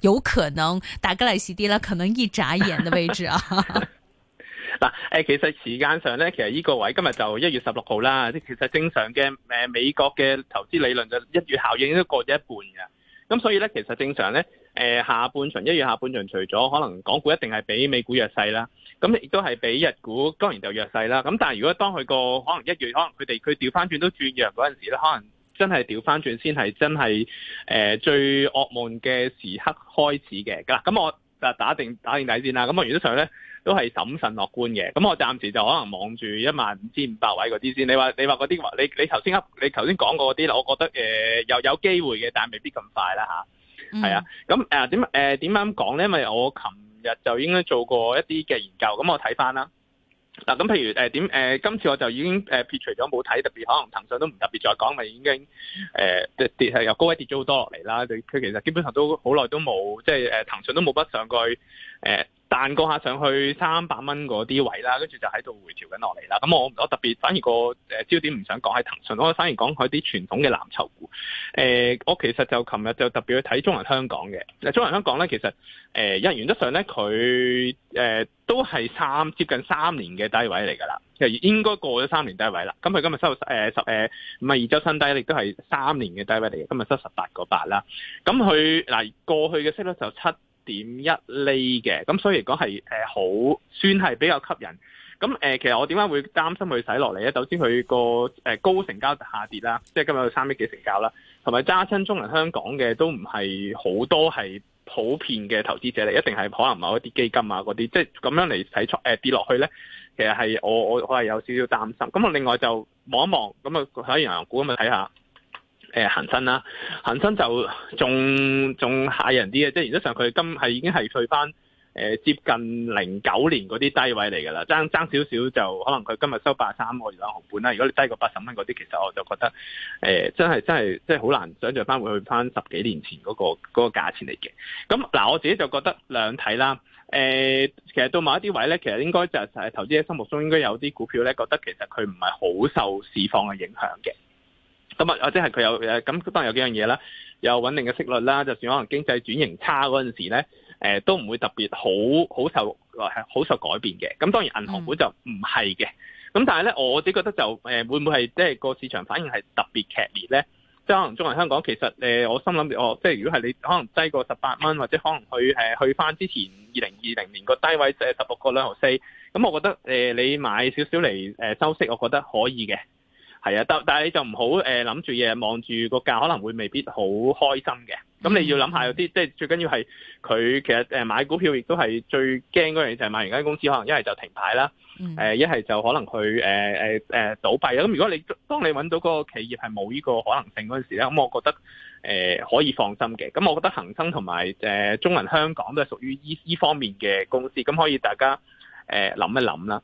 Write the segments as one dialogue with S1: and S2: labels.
S1: 有可能大吉利是啲啦，可能一眨眼嘅位置啊！
S2: 嗱，誒，其實時間上咧，其實呢個位今日就一月十六號啦。即其實正常嘅誒，美國嘅投資理論就一月效應都過咗一半嘅。咁所以咧，其實正常咧，誒，下半場一月下半場，除咗可能港股一定係比美股弱勢啦，咁亦都係比日股當然就弱勢啦。咁但係如果當佢個可能一月，可能佢哋佢調翻轉都轉弱嗰陣時咧，可能。真係調翻轉先係真係誒、呃、最惡夢嘅時刻開始嘅啦，咁我就打定打定底先啦。咁我原則上咧都係審慎樂觀嘅，咁我暫時就可能望住一萬五千五百位嗰啲先。你話你話嗰啲，你你頭先你頭先講過嗰啲啦，我覺得誒、呃、有有機會嘅，但係未必咁快啦吓，係啊，咁誒點誒點樣講咧？因為我琴日就應該做過一啲嘅研究，咁我睇翻啦。嗱咁，譬如誒點誒，今、呃、次我就已經誒撇除咗冇睇，特別可能騰訊都唔特別再講，咪已經誒、呃、跌係由高位跌咗好多落嚟啦。佢其實基本上都好耐都冇，即係誒騰訊都冇筆上過去。誒、呃。彈過下上去三百蚊嗰啲位啦，跟住就喺度回調緊落嚟啦。咁我我特別反而個、呃、焦點唔想講喺騰訊，我反而講佢啲傳統嘅藍籌股。誒、呃，我其實就琴日就特別去睇中銀香港嘅。中銀香港咧其實有人、呃、原則上咧佢誒都係三接近三年嘅低位嚟㗎啦，應該過咗三年低位啦。咁佢今日收、呃、十誒唔係二周新低，亦都係三年嘅低位嚟嘅。今日收十八個八啦。咁佢嗱過去嘅息率就七點一厘嘅，咁所以嚟講係誒好，算係比較吸引。咁誒、呃，其實我點解會擔心佢洗落嚟咧？首先佢、個誒、呃、高成交下跌啦，即、就、係、是、今日有三億幾成交啦，同埋揸親中銀香港嘅都唔係好多係普遍嘅投資者嚟，一定係可能某一啲基金啊嗰啲，即係咁樣嚟洗出誒跌落去咧。其實係我我我係有少少擔心。咁啊，另外就望一望，咁啊喺下銀行股咁樣睇下。誒恆、呃、生啦，恒生就仲仲吓人啲嘅，即係原則上佢今係已經係退翻誒接近零九年嗰啲低位嚟㗎啦，爭爭少少就可能佢今日收八三個月啦，兩毫半啦。如果你低過八十蚊嗰啲，其實我就覺得誒、呃、真係真係即係好難想象翻會去翻十幾年前嗰、嗰個嗰、嗰個價錢嚟嘅。咁嗱，我自己就覺得兩睇啦。誒、呃，其實到某一啲位咧，其實應該就係、係、投資者心目中應該有啲股票咧，覺得其實佢唔係好受市況嘅影響嘅。咁啊，或者係佢有咁當然有幾樣嘢啦，有穩定嘅息率啦，就算可能經濟轉型差嗰陣時咧，誒、呃、都唔會特別好好受好受改變嘅。咁當然銀行本就唔係嘅。咁但係咧，我自己覺得就誒會唔會係即係個市場反應係特別劇烈咧？即係可能中銀香港其實、呃、我心諗我、呃、即係如果係你可能低過十八蚊，或者可能去誒去翻之前二零二零年個低位即係十六個兩毫四，咁我覺得、呃、你買少少嚟收息，我覺得可以嘅。係啊，但但係你就唔好誒諗住嘢，望、呃、住個價可能會未必好開心嘅。咁你要諗下有啲，即係、嗯、最緊要係佢其實誒、呃、買股票亦都係最驚嗰樣嘢，就係、是、買完間公司可能一係就停牌啦，一、呃、係就可能去誒、呃呃、倒閉啊。咁如果你當你揾到嗰個企業係冇呢個可能性嗰陣時咧，咁我覺得誒、呃、可以放心嘅。咁我覺得恒生同埋誒中銀香港都係屬於依依方面嘅公司，咁可以大家誒諗、呃、一諗啦。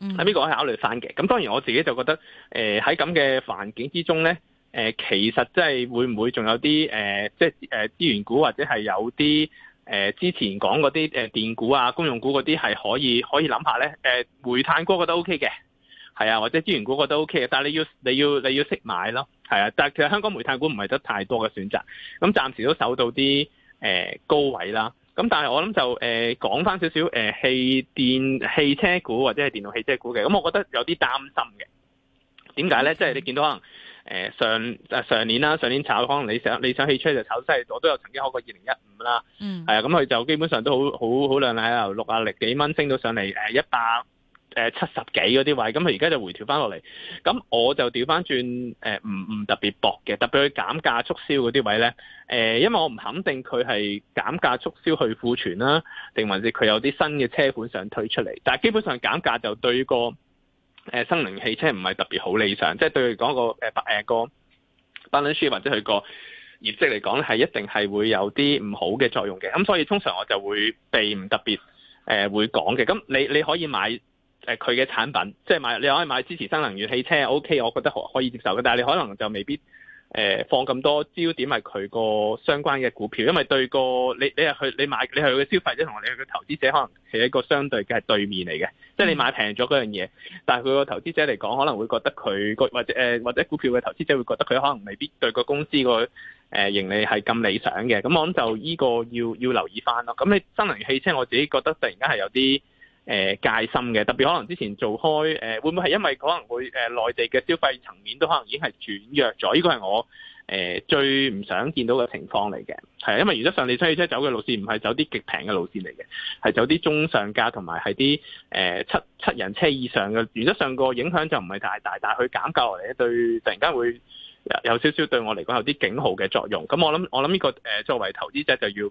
S2: 喺呢個我考慮翻嘅，咁當然我自己就覺得，誒喺咁嘅環境之中咧、呃，其實真係會唔會仲有啲誒，即、呃、係、就是呃、資源股或者係有啲誒、呃、之前講嗰啲誒電股啊、公用股嗰啲係可以可以諗下咧，誒、呃、煤炭股覺得 O K 嘅，係啊，或者資源股覺得 O K 嘅，但係你要你要你要識買咯，係啊，但係其實香港煤炭股唔係得太多嘅選擇，咁暫時都守到啲誒、呃、高位啦。咁但係我諗就誒講翻少少誒氣電汽車股或者係電動汽車股嘅，咁我覺得有啲擔心嘅。點解咧？即係你見到可能上上年啦，上年炒可能理想理想汽車就炒得真係，我都有曾經開過二零一五啦。嗯，係啊，咁佢就基本上都好好好亮啦由六啊零幾蚊升到上嚟誒一百。誒七十幾嗰啲位，咁佢而家就回調翻落嚟，咁我就調翻轉誒，唔、呃、唔特別薄嘅，特別佢減價促銷嗰啲位咧，誒、呃，因為我唔肯定佢係減價促銷去庫存啦，定還是佢有啲新嘅車款想推出嚟，但係基本上減價就對個誒新能源汽車唔係特別好理想，即係對嗰個誒百誒個 balance sheet 或者佢個業績嚟講，係一定係會有啲唔好嘅作用嘅，咁所以通常我就會避唔特別誒、呃、會講嘅，咁你你可以買。誒佢嘅產品，即係買你可以買支持新能源汽車，OK，我覺得可可以接受嘅。但係你可能就未必誒放咁多焦點係佢個相關嘅股票，因為對個你你係你買你係佢嘅消費者同你去嘅投資者，可能係一個相對嘅對面嚟嘅。即係你買平咗嗰樣嘢，嗯。但係佢個投資者嚟講，可能會覺得佢或者誒或者股票嘅投資者會覺得佢可能未必對個公司個誒盈利係咁理想嘅。咁我諗就依個要要留意翻咯。咁你新能源汽車我自己覺得突然間係有啲。誒、呃、戒心嘅，特別可能之前做開誒、呃，會唔會係因為可能會誒、呃、內地嘅消費層面都可能已經係轉弱咗？呢個係我誒、呃、最唔想見到嘅情況嚟嘅。係因為原則上你出車車走嘅路線唔係走啲極平嘅路線嚟嘅，係走啲中上價同埋係啲誒七七人車以上嘅。原則上個影響就唔係太大，但係佢減價落嚟咧，對突然間會有少少對我嚟講有啲警號嘅作用。咁我諗我諗呢、這個、呃、作為投資者就要。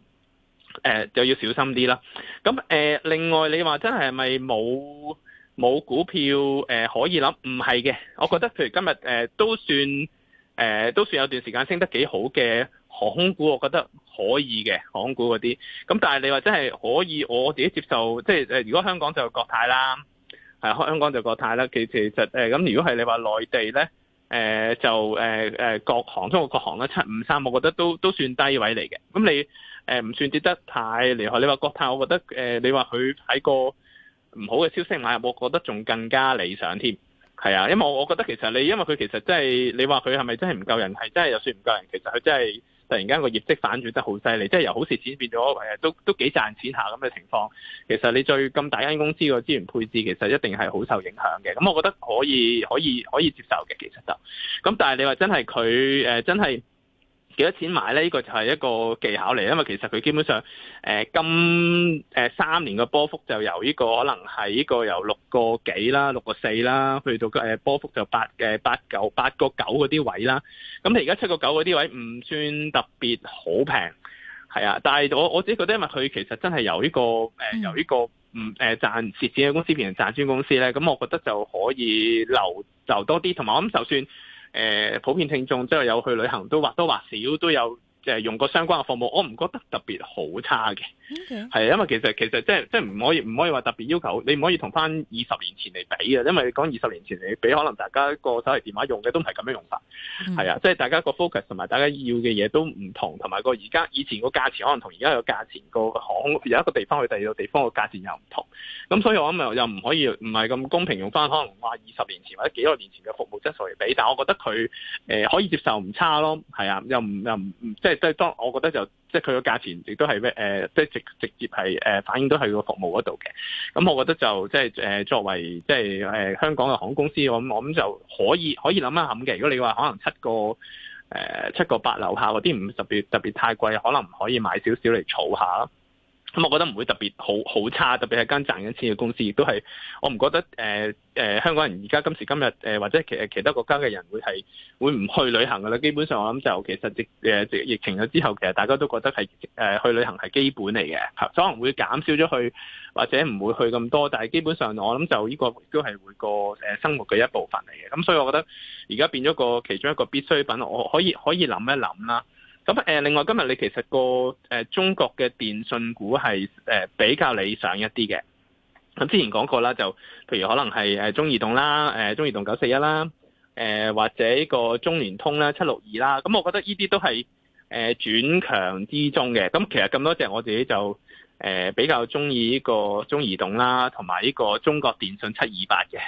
S2: 誒、呃、就要小心啲啦。咁誒、呃，另外你話真係咪冇冇股票誒、呃、可以諗？唔係嘅，我覺得譬如今日誒、呃、都算誒、呃、都算有段時間升得幾好嘅航空股，我覺得可以嘅航空股嗰啲。咁但係你話真係可以，我自己接受，即係、呃、如果香港就國泰啦，香港就國泰啦。其其實咁、呃，如果係你話內地咧，誒、呃、就誒誒、呃、國航，通過國航咧七五三，我覺得都都算低位嚟嘅。咁你？誒唔、呃、算跌得太厲害，你話國泰，我覺得誒、呃，你話佢喺個唔好嘅消息買入，我覺得仲更加理想添，係啊，因為我覺得其實你因為佢其實、即係、是是真係你話佢係咪真係唔夠人，係真係又算唔夠人，其實佢真係突然間個業績反轉得好犀利，即係由好蝕錢變咗，都都幾賺錢下咁嘅情況，其實你最咁大間公司個資源配置其實一定係好受影響嘅，咁我覺得可以可以可以，可以接受嘅，其實就咁但係你話真係佢誒真係。幾多錢買呢？呢、這個就係一個技巧嚟，因為其實佢基本上，誒、呃，今誒、呃、三年嘅波幅就由呢、這個可能係呢個由六個幾啦，六個四啦，去到誒、呃、波幅就八誒、呃、八九八個九嗰啲位啦。咁你而家七個九嗰啲位唔算特別好平，係啊。但係我我自己覺得，因為佢其實真係由呢、這個誒、呃、由呢個唔誒賺蝕錢嘅公司變成賺錢公司呢。咁我覺得就可以留留多啲。同埋我諗，就，就算。誒普遍聽眾即係有去旅行，都或多或少都有。就係用個相關嘅服務，我唔覺得特別好差嘅，係 Okay. 因為其實其實即係即係唔可以唔可以話特別要求，你唔可以同翻二十年前嚟比啊，因為講二十年前嚟比，可能大家個手提電話用嘅都唔係咁樣用法，係、mm. 啊，即係大家個 focus 同埋大家要嘅嘢都唔同，同埋個而家以前個價錢可能同而家個價錢個行有一個地方去第二個地方個價錢又唔同，咁所以我諗咪又唔可以唔係咁公平用翻可能話二十年前或者幾多年前嘅服務質素嚟比，但我覺得佢、呃、可以接受唔差咯，係啊，又唔又唔即即係當我覺得就即係佢個價錢亦都係咩，誒，即係直直接係誒反映到佢個服務嗰度嘅。咁我覺得就即係誒作為即係誒香港嘅航空公司，我我就可以可以諗一諗嘅。如果你話可能七個誒、呃、七個八樓下嗰啲唔特別特別太貴，可能唔可以買少少嚟儲下咁、嗯、我覺得唔會特別好好差，特別係間賺緊錢嘅公司，亦都係我唔覺得誒、呃呃、香港人而家今時今日、呃、或者其其他國家嘅人會係會唔去旅行㗎啦。基本上我諗就其實疫情咗之後，其實大家都覺得係誒、呃、去旅行係基本嚟嘅，可能會減少咗去或者唔會去咁多，但係基本上我諗就呢個都係會個生活嘅一部分嚟嘅。咁、嗯、所以我覺得而家變咗個其中一個必需品，我可以可以諗一諗啦。咁誒，另外今日你其實個誒中國嘅電信股係誒比較理想一啲嘅。咁之前講過啦，就譬如可能係誒中移動啦，誒中移動九四一啦，誒或者呢個中聯通啦七六二啦。咁我覺得呢啲都係誒轉強之中嘅。咁其實咁多隻我自己就誒比較中意呢個中移動啦，同埋呢個中國電信七二八嘅。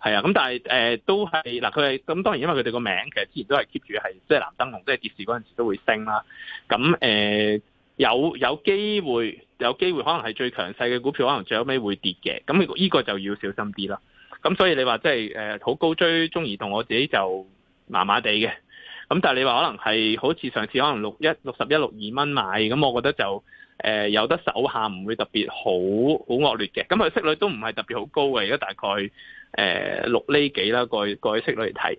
S2: 係啊，咁但係誒、呃、都係嗱，佢係咁當然，因為佢哋個名其實之前都係 keep 住係即係藍燈籠，即係跌市嗰陣時都會升啦。咁誒、呃、有有機會，有機會可能係最強勢嘅股票，可能最後尾會跌嘅。咁呢個就要小心啲啦。咁所以你話即係誒好高追中移動，我自己就麻麻地嘅。咁但係你話可能係好似上次可能六一六十一六二蚊買，咁我覺得就誒、呃、有得守下唔會特別好好惡劣嘅。咁佢息率都唔係特別好高嘅，而家大概。誒、呃、六厘幾啦，改改息率嚟睇，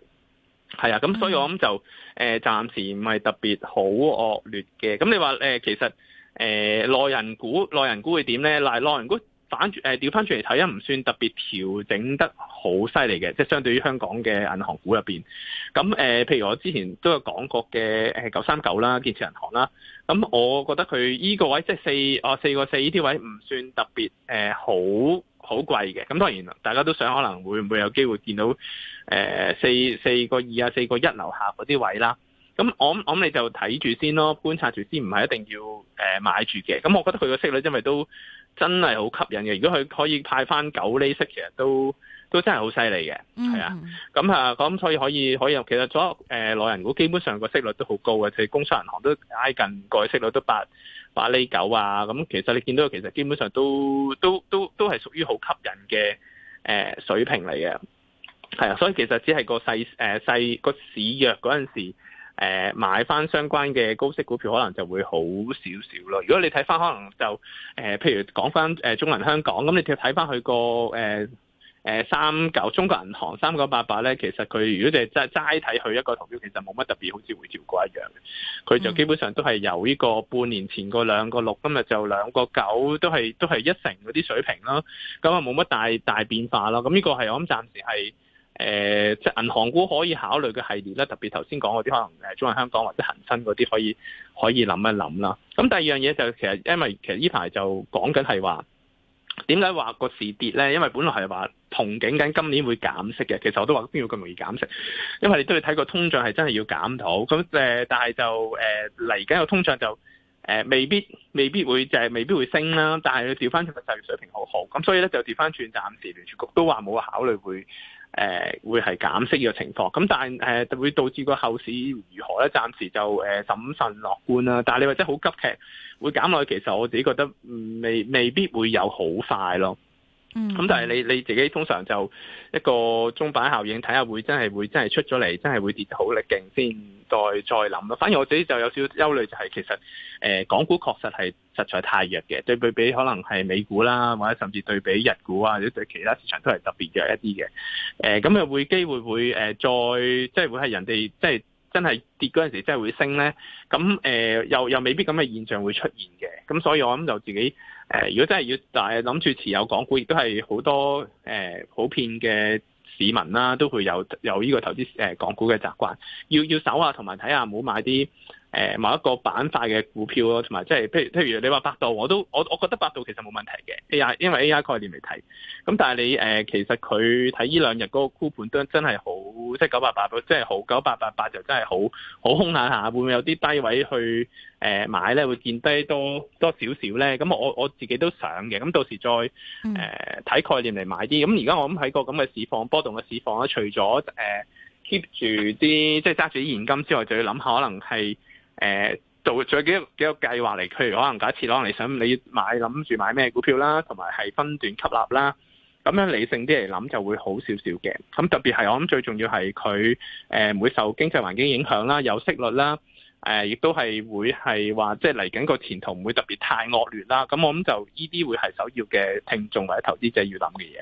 S2: 係啊，咁所以我諗就誒、mm hmm. 呃、暫時唔係特別好惡劣嘅。咁你話、呃、其實誒、呃、內人股內人股會點咧？嗱，內人股反轉誒調翻轉嚟睇，唔、呃、算特別調整得好犀利嘅，即係相對於香港嘅銀行股入邊。咁誒、呃，譬如我之前都有講過嘅誒九三九啦，建設銀行啦。咁我覺得佢依個位即係四啊四個四呢啲位唔算特別誒、呃、好。好貴嘅，咁當然大家都想可能會唔會有機會見到誒四四個二啊四個一樓下嗰啲位啦。咁我我諗你就睇住先咯，觀察住先，唔係一定要誒、呃、買住嘅。咁我覺得佢個息率真因為都真係好吸引嘅，如果佢可以派翻九厘息其實都。都真係好犀利嘅，係、mm hmm. 啊，咁啊，咁所以可以可以，其實所有誒內銀股基本上個息率都好高嘅，即係工商銀行都挨近個息率都八八釐九啊，咁、嗯、其實你見到其實基本上都都都都係屬於好吸引嘅誒、呃、水平嚟嘅，係啊，所以其實只係個細誒、呃、細個市弱嗰陣時誒、呃、買翻相關嘅高息股票可能就會好少少咯。如果你睇翻可能就誒、呃，譬如講翻中銀香港咁，你睇睇翻佢個誒。呃誒、呃，三九中國銀行三九八八咧，其實佢如果你係齋睇佢一個圖表，其實冇乜特別，好似會跳過一樣嘅。佢就基本上都係由呢個半年前個兩個六，今日就兩個九都係，都係都係一成嗰啲水平啦。咁啊，冇乜大大變化咯。咁呢個係我諗暫時係誒，即係銀行股可以考慮嘅系列咧。特別頭先講嗰啲可能誒，中銀香港或者恒生嗰啲可以可以諗一諗啦。咁第二樣嘢就其實因為其實呢排就講緊係話。點解話個市跌咧？因為本來係話憧憬緊今年會減息嘅，其實我都話邊有咁容易減息？因為你都要睇個通脹係真係要減到咁誒，但係就誒嚟緊個通脹就誒、呃、未必未必會就係未，未必會升啦。但係你調翻轉就業水平好好，咁所以咧就調翻轉，暫時聯儲局都話冇考慮會。誒、呃、會係減息嘅情況，咁但係誒、呃、會導致個後市如何咧？暫時就誒審、呃、慎樂觀啦。但係你話真係好急劇會減落去，其實我自己覺得未未必會有好快咯。嗯，咁但係你你自己通常就一個中板效應，睇下會真係會真係出咗嚟，真係會跌得好力勁先，再再諗咯。反而我自己就有少少憂慮，就係其實誒、呃，港股確實係實在太弱嘅，對比比可能係美股啦，或者甚至對比日股啊，或者對其他市場都係特別弱一啲嘅。誒、呃，咁又會機會會誒再、呃、即係會係人哋即係真係跌嗰陣時，真係會升咧？咁誒、呃、又又未必咁嘅現象會出現嘅。咁所以我諗就自己。誒，如果真係要，但係諗住持有港股，亦都係好多誒普遍嘅市民啦，都會有有呢個投資誒港股嘅習慣，要要守下看看，同埋睇下，唔好買啲。誒某一個板塊嘅股票咯，同埋即係譬如譬如你話百度，我都我我覺得百度其實冇問題嘅 A.I.，因為 A.I. 概念嚟睇。咁但係你誒其實佢睇呢兩日嗰個盤盤真真係好，即係九八八，即係好九八八八就真係好好空下下。會唔會有啲低位去誒買咧？會見低多多少少咧？咁我我自己都想嘅。咁到時再誒睇、呃、概念嚟買啲。咁而家我諗喺個咁嘅市況波動嘅市況咧，除咗誒 keep 住啲即係揸住啲現金之外，就要諗下可能係。誒、呃、做仲有幾個幾個計劃嚟，譬如可能搞一次，可能你想你買諗住買咩股票啦，同埋係分段吸納啦，咁樣理性啲嚟諗就會好少少嘅。咁特別係我諗最重要係佢誒唔會受經濟環境影響啦，有息率啦，誒、呃、亦都係會係話即係嚟緊個前途唔會特別太惡劣啦。咁我諗就呢啲會係首要嘅聽眾或者投資者要諗嘅嘢。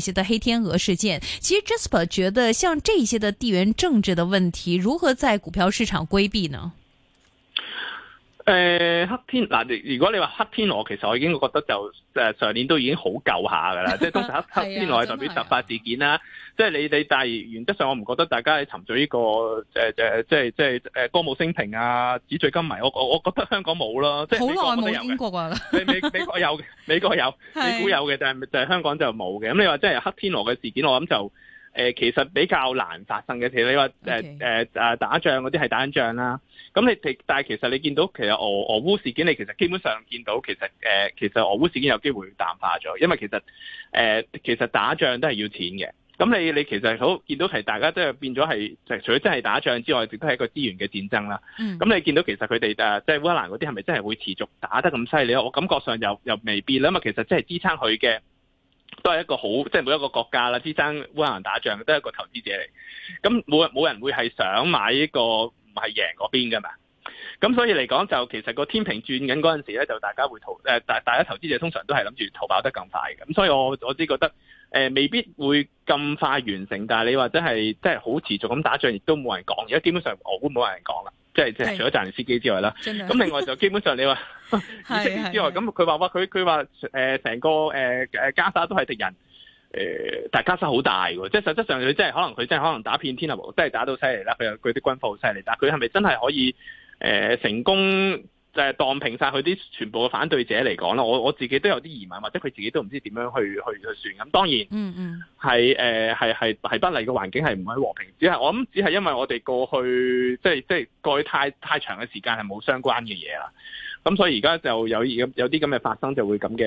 S1: 一些的黑天鵝事件，其實 Jasper 覺得像這些的地緣政治的問題，如何在股票市場規避呢？
S2: 誒、呃，黑天嗱，如果你話黑天鵝，其實我已經覺得就誒上年都已經好舊下噶啦， 即係通常黑黑天鵝係代表突發事件啦。 是啊是啊，即係你你但係原則上我唔覺得大家去尋找呢個誒誒、呃，即係即係誒歌舞升平啊，紙醉金迷。我我我覺得香港冇咯，即係好耐冇有嘅、啊。美 美美國有，美國有，你估 有嘅就係就係香港就冇嘅。咁、嗯，你話即係黑天鵝嘅事件，我諗就。誒其實比較難發生嘅，其實你話誒誒誒打仗嗰啲係打緊仗啦。咁你其但係其實你見到其實俄俄烏事件，你其實基本上見到其實誒、呃、其實俄烏事件有機會淡化咗，因為其實誒、呃、其實打仗都係要錢嘅。咁你你其實好見到其實大家都係變咗係除除咗真係打仗之外，亦都係一個資源嘅戰爭啦。咁、mm. 你見到其實佢哋誒即係烏克蘭嗰啲係咪真係會持續打得咁犀利？我感覺上又又未必啦嘛。因為其實真係支撐佢嘅。都係一個好，即係每一個國家啦，支撐、烏克蘭打仗都係一個投資者嚟。咁冇冇人會係想買呢個唔係贏嗰邊噶嘛？咁所以嚟講，就其實個天平轉緊嗰陣時咧，就大家會逃誒，大大家投資者通常都係諗住逃跑得更快嘅。咁所以我我只覺得誒、呃，未必會咁快完成。但係你或者係即係真係好持續咁打仗也沒，亦都冇人講。而家基本上我都沒，我估冇人講啦。即係即係除咗揸人司機之外啦，咁真另外就基本上你話以色列之外，咁佢話話佢佢話成個誒、呃、加沙都係敵人，誒、呃、但係加沙好大喎，即係實質上佢真係可能佢真係可能打遍天下無，係打到犀利啦。佢有佢啲軍火犀利，但係佢係咪真係可以誒、呃、成功？就係當平晒佢啲全部嘅反對者嚟講啦，我我自己都有啲疑問，或者佢自己都唔知點樣去去去算咁。當然，嗯嗯，係係係係不利嘅環境係唔係和平，只係我諗只係因為我哋過去即係即係過去太太長嘅時間係冇相關嘅嘢啦。咁所以而家就有有啲咁嘅發生就會咁嘅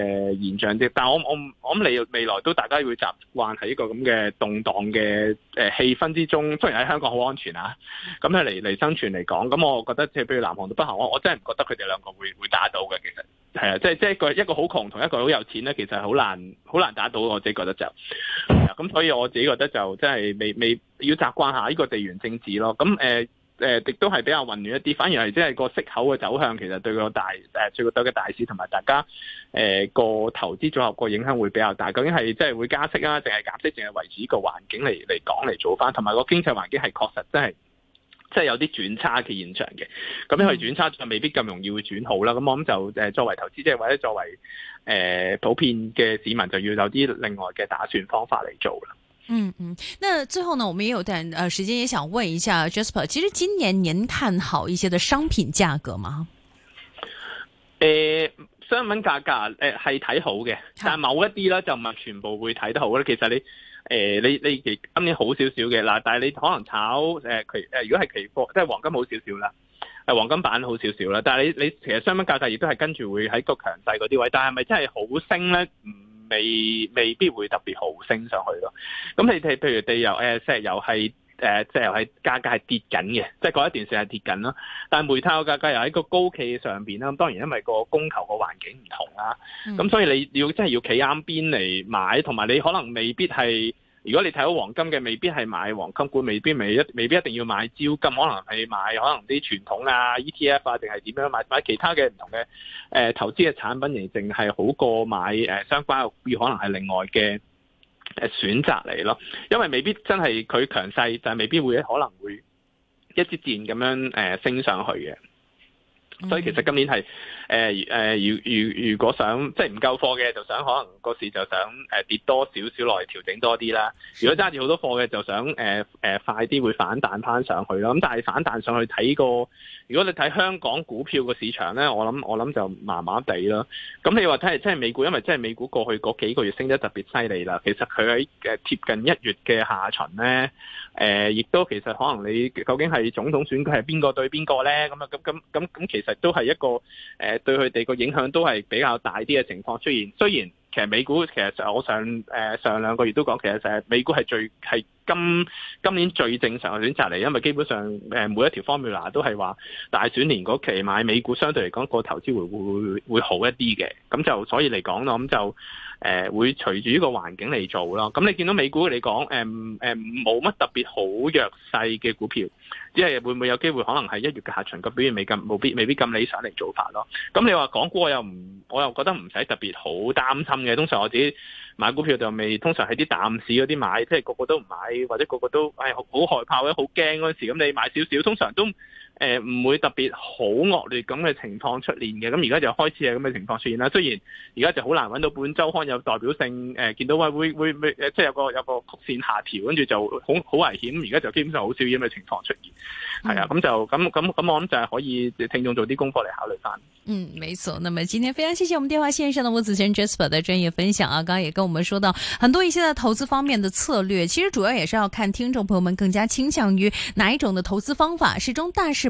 S2: 現象啫。但係我我我諗未來都大家會習慣喺一個咁嘅動盪嘅誒、呃、氣氛之中。雖然喺香港好安全啊，咁喺嚟嚟生存嚟講，咁我覺得即係譬如南韓到北韓，我我真係唔覺得佢哋兩個會會打到嘅。其實係啊，即係即係一個一個好窮同一個好有錢咧，其實好難好難打到。我自己覺得就係啊，咁所以我自己覺得就真係、就是、未未要習慣下呢個地緣政治咯。咁、嗯呃誒，亦都係比較混亂一啲，反而係即係個息口嘅走向，其實對個大誒最多嘅大市同埋大家誒個、呃、投資組合個影響會比較大。究竟係即係會加息啊，定係減息，定係維持個環境嚟嚟講嚟做翻？同埋個經濟環境係確實真係，真係有啲轉差嘅現象嘅。咁因為轉差就未必咁容易會轉好啦。咁我諗就誒作為投資者或者作為誒、呃、普遍嘅市民，就要有啲另外嘅打算方法嚟做啦。
S1: 嗯嗯，那最後呢，我們也有段，呃，時間也想問一下 Jasper，其實今年您看好一些的商品價格嗎？
S2: 誒、呃，商品價格誒係睇好嘅，但某一啲啦就唔係全部會睇得好啦。其實你誒、呃，你你今年好少少嘅啦，但係你可能炒誒期誒，如果係期貨即係黃金好少少啦，係黃金版好少少啦。但係你你其實商品價格亦都係跟住會喺個強勢嗰啲位，但係咪真係好升咧？唔。未未必會特別好升上去咯。咁你哋譬如地油，誒石油係誒石油係價格係跌緊嘅，即係嗰一段時間跌緊啦。但係煤炭個價格又喺個高企上邊啦。咁當然因為個供求個環境唔同啦，咁、嗯、所以你要真係要企啱邊嚟買，同埋你可能未必係。如果你睇到黃金嘅，未必係買黃金股，未必未一，未必一定要買招金，可能係買可能啲傳統啊、ETF 啊，定係點樣買買其他嘅唔同嘅、呃、投資嘅產品，而淨係好過買、呃、相關嘅股，可能係另外嘅誒選擇嚟咯。因為未必真係佢強勢，但係未必會可能會一支箭咁樣、呃、升上去嘅。所以其實今年係誒誒，如、呃、如、呃呃、如果想即係唔夠貨嘅，就想可能個市就想誒、呃、跌多少少落嚟調整多啲啦。如果揸住好多貨嘅，就想誒、呃呃、快啲會反彈翻上去啦。咁但係反彈上去睇個，如果你睇香港股票個市場咧，我諗我諗就麻麻地啦。咁你話睇係即係美股，因為即係美股過去嗰幾個月升得特別犀利啦。其實佢喺誒接近一月嘅下旬咧，誒、呃、亦都其實可能你究竟係總統選舉係邊個對邊個咧？咁啊咁咁咁咁其。其實都係一個誒，對佢哋個影響都係比較大啲嘅情況出現。雖然其實美股，其實我上誒上兩個月都講，其實就係美股係最係。是今今年最正常嘅選擇嚟，因為基本上誒每一條 formula 都係話大選年嗰期買美股，相對嚟講個投資回報會會好一啲嘅。咁就所以嚟講咯，咁就誒會隨住呢個環境嚟做咯。咁你見到美股嚟講，誒誒冇乜特別好弱勢嘅股票，只係會唔會有機會可能係一月嘅下旬個表現未咁冇必未必咁理想嚟做法咯？咁你話港股我又唔我又覺得唔使特別好擔心嘅。通常我自己買股票就未通常喺啲淡市嗰啲買，即係個個都唔買。你或者個個都哎好好害怕或者好驚嗰陣時，咁你買少少，通常都。誒唔、呃、會特別好惡劣咁嘅情況出現嘅，咁而家就開始係咁嘅情況出現啦。雖然而家就好難揾到本週刊有代表性，誒、呃、見到話會會未即係有個有個曲線下調，跟住就好好危險。而家就基本上好少咁嘅情況出現，係、嗯、啊，咁就咁咁咁，我諗就係可以聽眾做啲功課嚟考慮翻。嗯，
S1: 冇錯。那麼今天非常謝謝我們電話線上的吳子軒 Jasper 的專業分享啊，剛剛也跟我們說到很多一些在投資方面的策略，其實主要也是要看聽眾朋友們更加傾向於哪一種嘅投資方法，始終大市。